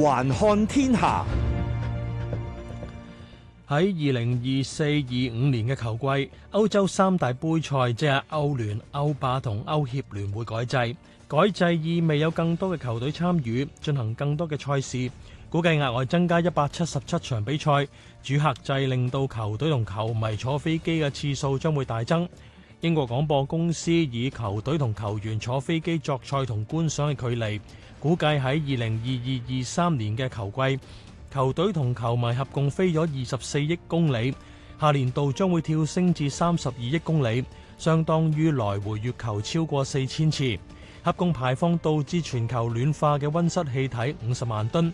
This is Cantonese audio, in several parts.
環看天下。喺二零二四、二五年嘅球季，歐洲三大盃賽即係歐聯、歐霸同歐協聯會改制。改制意味有更多嘅球隊參與，進行更多嘅賽事，估計額外增加一百七十七場比賽。主客制令到球隊同球迷坐飛機嘅次數將會大增。英國廣播公司以球隊同球員坐飛機作賽同觀賞嘅距離。估計喺二零二二二三年嘅球季，球隊同球迷合共飛咗二十四億公里，下年度將會跳升至三十二億公里，相當於來回月球超過四千次，合共排放導致全球暖化嘅溫室氣體五十萬噸。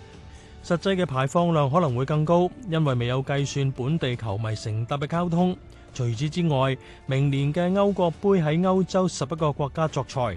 實際嘅排放量可能會更高，因為未有計算本地球迷乘搭嘅交通。除此之外，明年嘅歐國杯喺歐洲十一個國家作賽。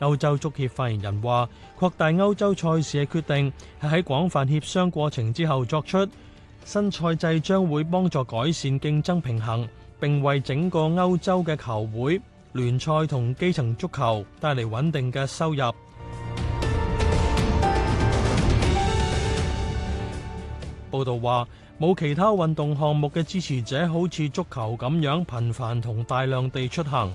歐洲足協發言人話：擴大歐洲賽事嘅決定係喺廣泛協商過程之後作出，新賽制將會幫助改善競爭平衡，並為整個歐洲嘅球會、聯賽同基層足球帶嚟穩定嘅收入。報道話：冇其他運動項目嘅支持者好似足球咁樣頻繁同大量地出行。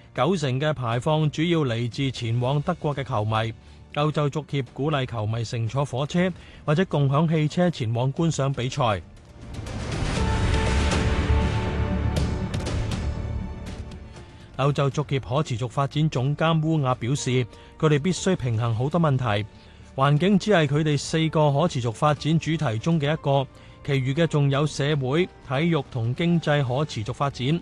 九成嘅排放主要嚟自前往德國嘅球迷。歐洲足協鼓勵球迷乘坐火車或者共享汽車前往觀賞比賽。 歐洲足協可持續發展總監烏雅表示，佢哋必須平衡好多問題，環境只係佢哋四個可持續發展主題中嘅一個，其餘嘅仲有社會、體育同經濟可持續發展。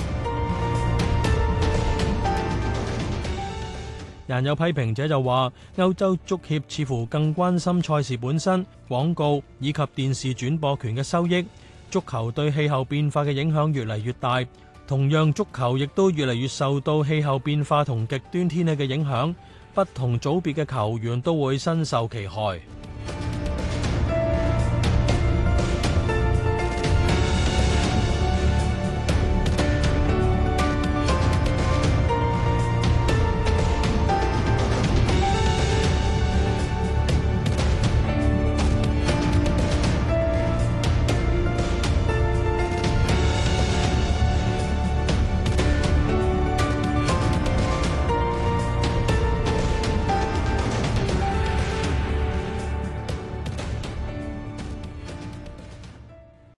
人有批評者就話：歐洲足協似乎更關心賽事本身、廣告以及電視轉播權嘅收益。足球對氣候變化嘅影響越嚟越大，同樣足球亦都越嚟越受到氣候變化同極端天氣嘅影響，不同組別嘅球員都會身受其害。